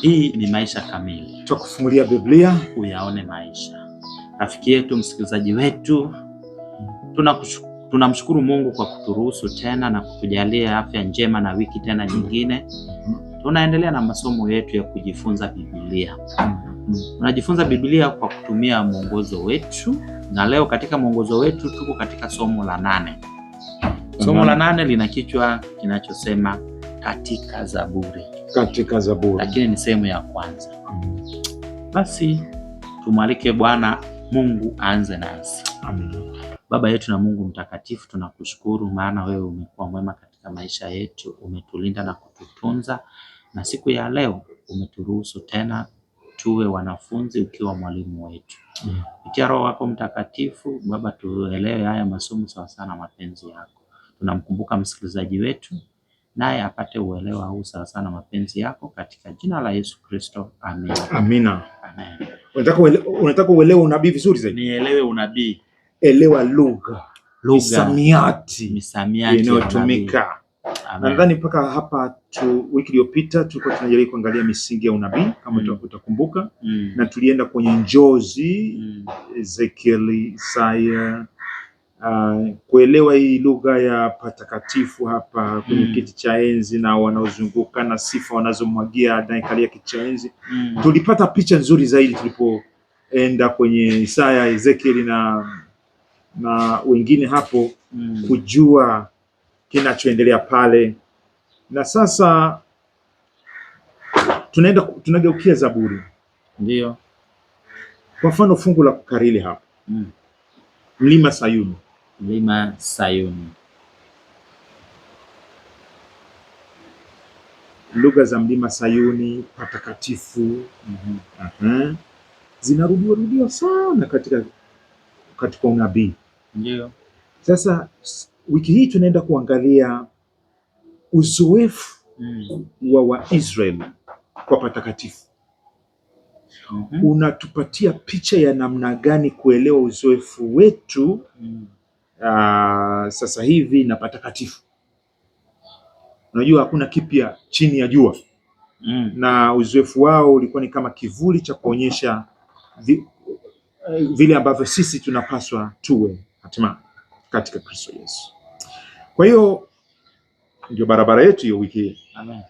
Hii ni Maisha Kamili, twakufungulia Biblia uyaone maisha. Rafiki yetu, msikilizaji wetu, tunamshukuru tuna Mungu kwa kuturuhusu tena na kutujalia afya njema na wiki tena nyingine. Tunaendelea na masomo yetu ya kujifunza Biblia. Tunajifunza Biblia kwa kutumia mwongozo wetu, na leo katika mwongozo wetu tuko katika somo la nane. Somo la nane lina kichwa kinachosema katika Zaburi, katika Zaburi, lakini ni sehemu ya kwanza. Basi tumwalike Bwana Mungu aanze nasi. Amen. Baba yetu na Mungu mtakatifu, tunakushukuru maana wewe umekuwa mwema katika maisha yetu, umetulinda na kututunza, na siku ya leo umeturuhusu tena tuwe wanafunzi ukiwa mwalimu wetu. Kupitia Roho wako Mtakatifu, Baba, tuelewe haya masomo sawa na mapenzi yako. Tunamkumbuka msikilizaji wetu naye apate uelewa huu sawasawa sana mapenzi yako katika jina la Yesu Kristo, Amen. Amina. Amen. Unataka unataka uelewe unabii vizuri zaidi? Nielewe unabii. Elewa lugha, misamiati, misamiati inayotumika. Nadhani mpaka hapa tu, wiki iliyopita tulikuwa tunajaribu kuangalia misingi ya unabii kama mm. utakumbuka mm. na tulienda kwenye njozi mm. Ezekieli, Isaya uh, kuelewa hii lugha ya patakatifu hapa kwenye mm. kiti cha enzi na wanaozunguka na sifa wanazomwagia anayekalia kiti cha enzi mm. tulipata picha nzuri zaidi tulipoenda kwenye Isaya, Ezekieli na na wengine hapo mm. kujua kinachoendelea pale, na sasa tunaenda tunageukia Zaburi, ndio kwa mfano fungu la kukariri hapo mm. mlima Sayuni Mlima Sayuni. Lugha za Mlima Sayuni patakatifu mm -hmm. uh -huh. zinarudiwarudiwa sana katika, katika unabii ndio. Sasa wiki hii tunaenda kuangalia uzoefu mm. wa Waisraeli kwa patakatifu mm -hmm. unatupatia picha ya namna gani kuelewa uzoefu wetu mm uh, sasa hivi na patakatifu. Unajua hakuna kipya chini ya jua mm. na uzoefu wao ulikuwa ni kama kivuli cha kuonyesha vi, eh, vile ambavyo sisi tunapaswa tuwe hatima katika Kristo Yesu. Kwa hiyo ndio barabara yetu hiyo wiki hii.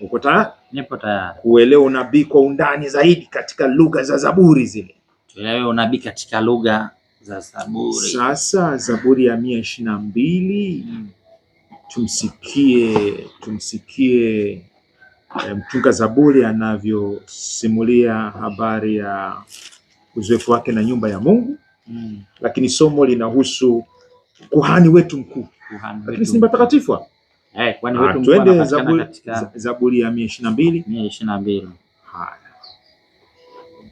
Uko tayari? Nipo tayari. Kuelewa unabii kwa undani zaidi katika lugha za Zaburi zile. Tuelewe unabii katika lugha za Zaburi. Sasa Zaburi ya mia ishirini na mbili Tumsikie, tumsikie eh, mtunga Zaburi anavyosimulia habari ya uzoefu wake na nyumba ya Mungu mm. Lakini somo linahusu kuhani wetu mkuu, lakini si mtakatifu. Eh, ah, twende Zaburi ya mia ishirini na mbili mia ishirini na mbili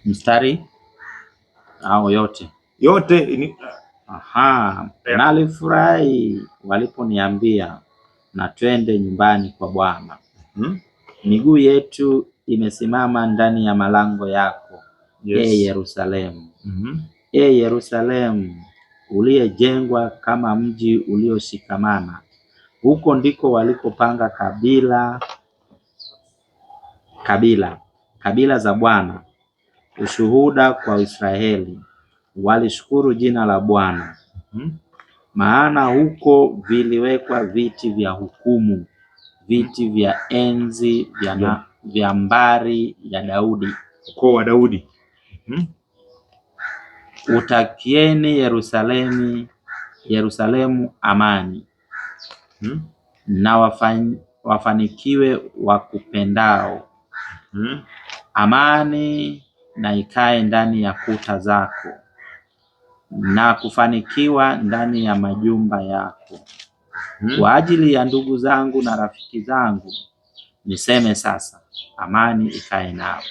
mstari au yote yote ni... Aha, nalifurahi waliponiambia na twende nyumbani kwa Bwana. Hmm? Miguu yetu imesimama ndani ya malango yako, e yes. E Yerusalemu, mm -hmm. E Yerusalemu uliyejengwa kama mji ulioshikamana, huko ndiko walikopanga kabila kabila kabila za Bwana, ushuhuda kwa Israeli walishukuru jina la Bwana hmm? Maana huko viliwekwa viti vya hukumu, viti vya enzi vya, na, vya mbari ya Daudi, ukoo wa Daudi hmm? Utakieni Yerusalemu Yerusalemu amani hmm? na wafan, wafanikiwe wakupendao hmm? Amani na ikae ndani ya kuta zako na kufanikiwa ndani ya majumba yako. Hmm? Kwa ajili ya ndugu zangu na rafiki zangu niseme sasa, amani ikae nao.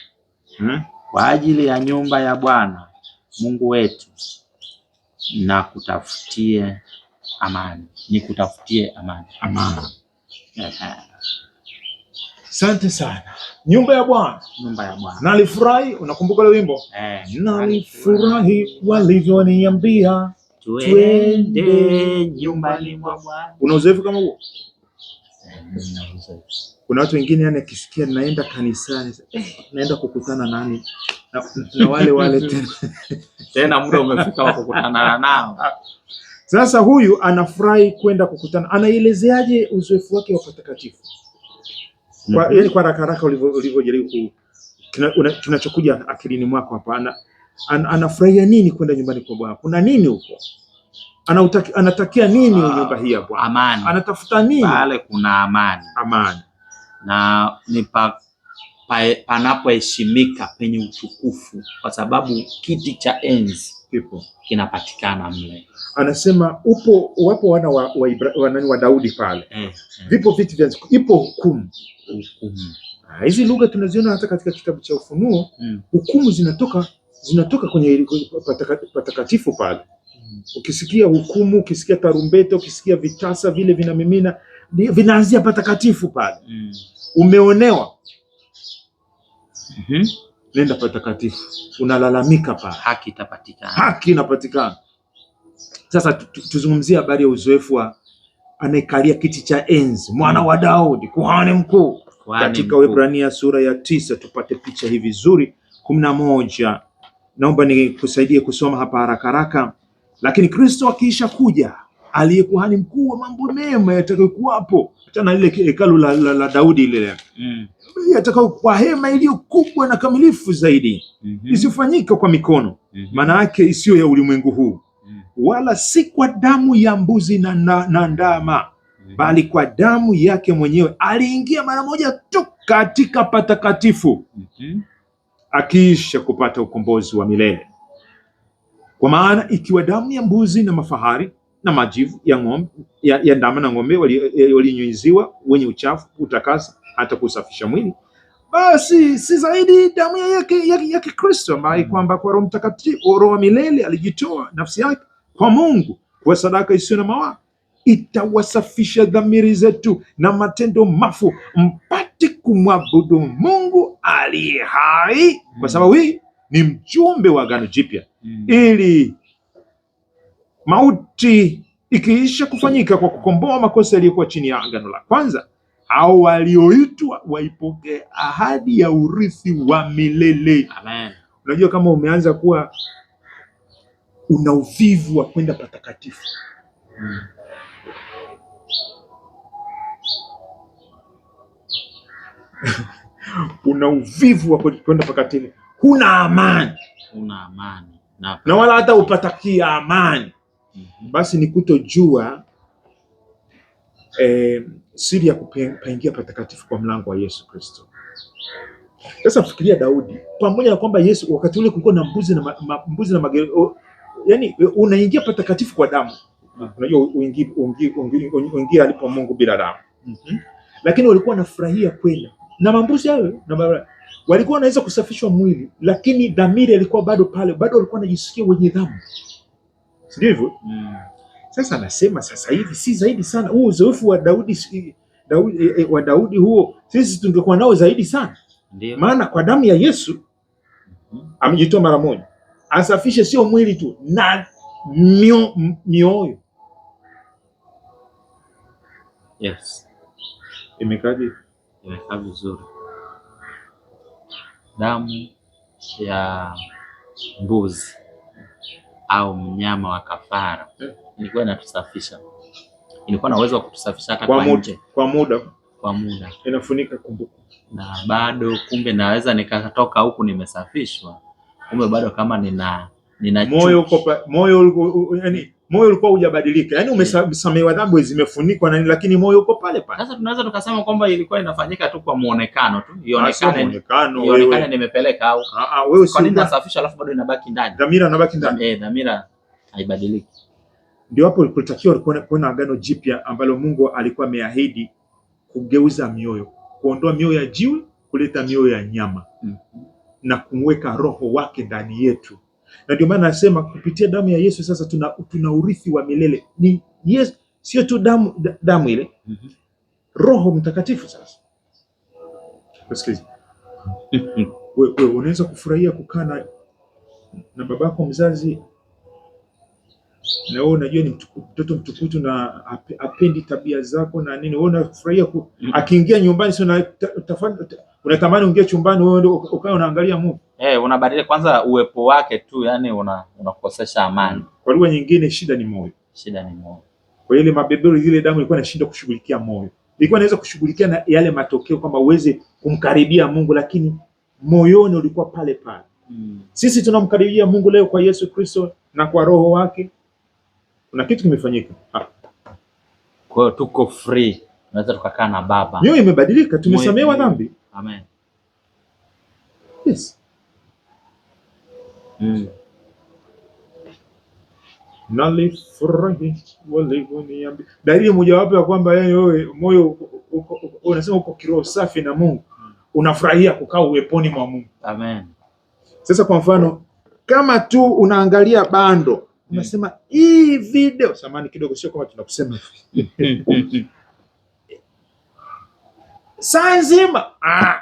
Hmm? Kwa ajili ya nyumba ya Bwana Mungu wetu na kutafutie amani, nikutafutie amani, amani. Asante sana. Nyumba ya Bwana, nyumba ya Bwana. Nalifurahi, unakumbuka ile wimbo? Eh, nalifurahi walivyoniambia twende nyumbani mwa Bwana. Una uzoefu kama huo? Kuna watu wengine yani akisikia naenda kanisani, eh, naenda kukutana nani? Na, na wale wale tena. Tena muda umefika wa kukutana nao. Sasa huyu anafurahi kwenda kukutana. Anaelezeaje uzoefu wake wa patakatifu? kwa, mm -hmm. Yani kwa haraka haraka ulivyojaribu kinachokuja kina akilini mwako hapa ana, an, anafurahia nini kwenda nyumbani kwa Bwana? Kuna nini huko? Anautaki, anatakia nini uh, nyumba hii ya Bwana? Amani. Anatafuta nini? Pale kuna amani. Amani. Na ni pa, pa, panapoheshimika penye utukufu kwa sababu kiti cha enzi Ipo. Kinapatikana mle, anasema upo, wapo wana wa, wa, Ibra, wa Daudi pale mm, mm. Vipo viti vya ipo hukumu hukumu. Ah, hizi lugha tunaziona hata katika kitabu cha Ufunuo mm. Hukumu zinatoka zinatoka kwenye patakatifu pale mm. Ukisikia hukumu, ukisikia tarumbeta, ukisikia vitasa vile vinamimina, vinaanzia patakatifu pale mm. Umeonewa mm -hmm nenda patakatifu, unalalamika pa haki itapatikana, haki inapatikana. Sasa tuzungumzie habari ya uzoefu wa anayekalia kiti cha enzi, mwana wa Daudi, kuhani mkuu katika Waebrania sura ya tisa, tupate picha hii vizuri. kumi na moja. Naomba nikusaidie kusoma hapa haraka haraka. Lakini Kristo akiisha kuja aliye kuhani mkuu wa mambo mema yatakayokuwapo tena lile hekalu la, la, la Daudi lile mm. yatakao kwa hema iliyo kubwa na kamilifu zaidi mm -hmm. isiyofanyika kwa mikono mm -hmm. yake isiyo ya ulimwengu huu mm. wala si kwa damu ya mbuzi na, na, na ndama mm. bali kwa damu yake mwenyewe aliingia mara moja tu katika patakatifu mm -hmm. akiisha kupata ukombozi wa milele kwa maana ikiwa damu ya mbuzi na mafahari na majivu ya ng'ombe, ya, ya ndama na ng'ombe e, walinyunyiziwa, wenye uchafu utakasa hata kusafisha mwili, basi si zaidi damu ya Kikristo ambaye kwamba kwa Roho Mtakatifu, Roho wa milele alijitoa nafsi yake kwa Mungu kwa sadaka isiyo na mawaa, itawasafisha dhamiri zetu na matendo mafu, mpate kumwabudu Mungu aliye hai. Kwa sababu hii ni mjumbe wa Agano Jipya, mm. ili Mauti ikiisha kufanyika kwa kukomboa makosa yaliyokuwa chini ya agano la kwanza, au walioitwa waipokee ahadi ya urithi wa milele. Amen. Unajua, kama umeanza kuwa una uvivu wa kwenda patakatifu hmm. una uvivu wa kwenda patakatifu, huna amani, huna amani na wala hata upatakia amani Mhm. basi ni kutojua eh, siri ya kupaingia patakatifu kwa mlango wa Yesu Kristo. Sasa fikiria Daudi, pamoja na kwamba Yesu wakati ule kulikuwa na mbuzi na ma, ma, mbuzi na o, yani unaingia patakatifu kwa damu. Mm. Unajua uingi uingie alipo Mungu bila damu. Mm -hmm. Lakini walikuwa wanafurahia kwenda na mambuzi hayo na mabara. Walikuwa wanaweza kusafishwa mwili, lakini dhamiri ilikuwa bado pale, bado walikuwa wanajisikia wenye dhambi. Ndio hivyo mm. Sasa anasema sasa hivi si zaidi sana huo uzoefu wa Daudi, Daudi e, wa Daudi huo sisi tungekuwa nao zaidi sana, maana kwa damu ya Yesu mm -hmm. amejitoa mara moja asafishe sio mwili tu na mioyo mio. Yes. Imekaje? Imekaa vizuri. Damu ya mbuzi au mnyama wa kafara ilikuwa inatusafisha, ilikuwa na uwezo wa kutusafisha hata kwa nje kwa muda, kwa muda inafunika kumbuku, na bado kumbe naweza nikatoka huku nimesafishwa, kumbe bado kama nina nina moyo uko moyo, yani moyo ulikuwa hujabadilika, yani umesamehewa dhambi zimefunikwa na nini, lakini moyo uko pale pale. Sasa tunaweza tukasema kwamba ilikuwa inafanyika tu kwa muonekano tu, ionekane muonekano, ionekane nimepeleka au a ah, a, ah, wewe si unasafisha, alafu bado inabaki ndani, dhamira inabaki ndani eh, dhamira haibadiliki. Ndio hapo kulitakiwa kuona agano jipya ambalo Mungu alikuwa ameahidi kugeuza mioyo, kuondoa mioyo ya jiwe, kuleta mioyo ya nyama mm -hmm. na kumweka roho wake ndani yetu na ndio maana nasema kupitia damu ya Yesu sasa tuna, tuna urithi wa milele ni yes, sio tu damu, damu ile mm -hmm. Roho Mtakatifu sasa we, unaweza kufurahia kukaa na na babako mzazi na wewe unajua ni mtoto mtukutu na apendi tabia zako na nini, wewe unafurahia ku... mm -hmm. Akiingia nyumbani sio na unatamani ungie chumbani wewe ndio ukae unaangalia movie eh, unabadili kwanza. Uwepo wake tu yani unakosesha una amani. Kwa lugha nyingine, shida ni moyo, shida ni moyo. Kwa ile mabeberu zile damu ilikuwa inashindwa kushughulikia moyo, ilikuwa inaweza kushughulikia na yale matokeo kwamba uweze kumkaribia Mungu, lakini moyoni ulikuwa pale pale. Hmm. Sisi tunamkaribia Mungu leo kwa Yesu Kristo na kwa roho wake, kuna kitu kimefanyika. Ah. Kwa tuko free, tunaweza tukakaa na Baba. Hiyo imebadilika, tumesamehewa dhambi. Amen. Yes. Mm. Dalili mojawapo ya kwamba wewe moyo unasema uko kiroho safi na Mungu, mm. unafurahia kukaa uweponi mwa Mungu. Amen. Sasa kwa mfano kama tu unaangalia bando unasema hii video, samani kidogo, sio kama tunakusema saa nzima ah.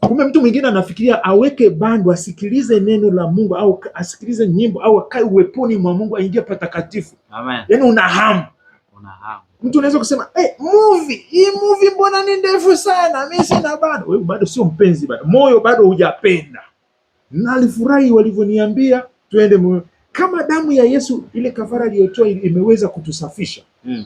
Kumbe mtu mwingine anafikiria aweke bando asikilize neno la Mungu au asikilize nyimbo au akae uweponi mwa Mungu aingie patakatifu. Amen. Yaani una hamu. Una hamu. Mtu unaweza kusema hey, eh, movie, hii movie mbona ni ndefu sana? Mimi sina bado. Wewe bado sio mpenzi bado. Moyo bado hujapenda. Nalifurahi walivyoniambia twende Kama damu ya Yesu ile kafara aliyotoa imeweza kutusafisha. Mm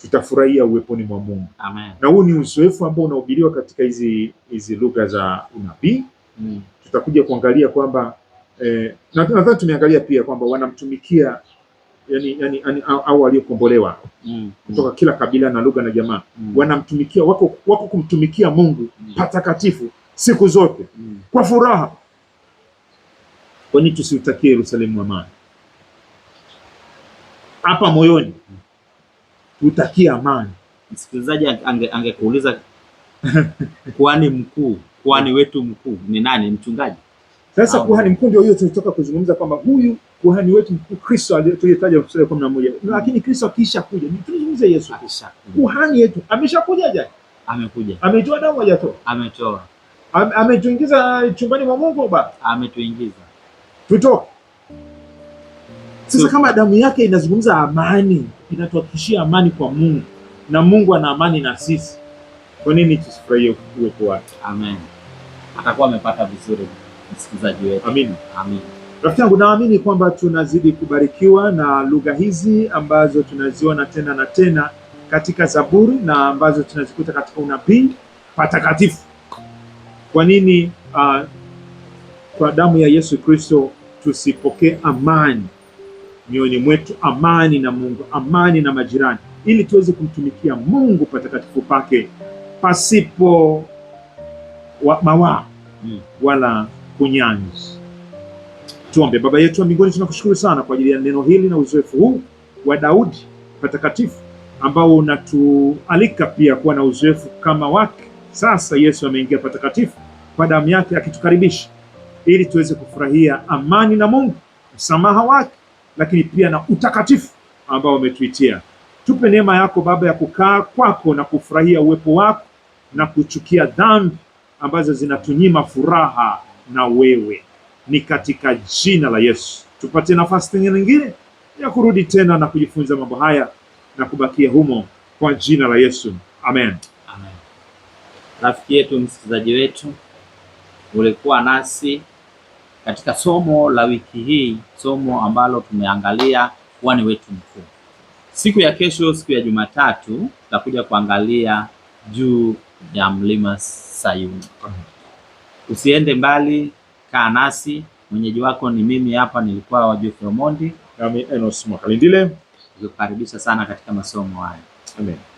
tutafurahia uweponi mwa Mungu. Amen. Na huu ni uzoefu ambao unahubiriwa katika hizi hizi lugha za unabii mm. Tutakuja kuangalia kwamba eh, nadhani tumeangalia pia kwamba wanamtumikia yani, yani, yani, au waliokombolewa mm. kutoka mm. kila kabila na lugha na jamaa mm. wanamtumikia, wako, wako kumtumikia Mungu mm. patakatifu siku zote mm. kwa furaha. Kwani tusiutakie Yerusalemu amani hapa moyoni mm utakie amani. Msikilizaji angekuuliza ange kuhani mkuu, kuhani wetu mkuu ni nani? Mchungaji. Sasa kuhani mkuu ndio hiyo tunatoka kuzungumza kwamba huyu kuhani wetu mkuu Kristo tuliyetaja sura kumi na moja, mm. lakini Kristo akisha kuja, tunazungumza Yesu kuhani yetu ameshakuja jana, amekuja, ametoa damu, hajatoa, ametoa, ametuingiza chumbani mwa Mungu ba ametuingiza tutoke. Sasa kama damu yake inazungumza amani kinatuhakikishia amani kwa Mungu na Mungu ana amani na sisi. Kwa nini tusifurahie uwepo wake? Amen. Atakuwa amepata vizuri msikilizaji wetu. Amen. Amen. Rafiki yangu, naamini kwamba tunazidi kubarikiwa na lugha hizi ambazo tunaziona tena na tena katika Zaburi na ambazo tunazikuta katika unabii patakatifu. Kwa nini uh, kwa damu ya Yesu Kristo tusipokee amani mioyoni mwetu amani na Mungu, amani na majirani, ili tuweze kumtumikia Mungu patakatifu pake pasipo wa, mawaa mm. wala kunyanzi. Tuombe. Baba yetu wa mbinguni, tunakushukuru sana kwa ajili ya neno hili na uzoefu huu wa Daudi patakatifu ambao unatualika pia kuwa na uzoefu kama wake. Sasa Yesu ameingia patakatifu kwa damu yake, akitukaribisha ili tuweze kufurahia amani na Mungu, msamaha wake lakini pia na utakatifu ambao umetuitia. Tupe neema yako Baba ya kukaa kwako na kufurahia uwepo wako na kuchukia dhambi ambazo zinatunyima furaha na wewe, ni katika jina la Yesu. Tupatie nafasi tena nyingine ya kurudi tena na kujifunza mambo haya na kubakia humo kwa jina la Yesu, amen. Amen. Rafiki yetu msikilizaji wetu ulikuwa nasi katika somo la wiki hii, somo ambalo tumeangalia wani wetu mkuu. Siku ya kesho, siku ya Jumatatu, tutakuja kuangalia juu ya mlima Sayuni. Usiende mbali, kaa nasi. Mwenyeji wako ni mimi hapa, nilikuwa Wajufu Omondi nami Enos Mwakalindile, nikukaribisha sana katika masomo haya. Amen.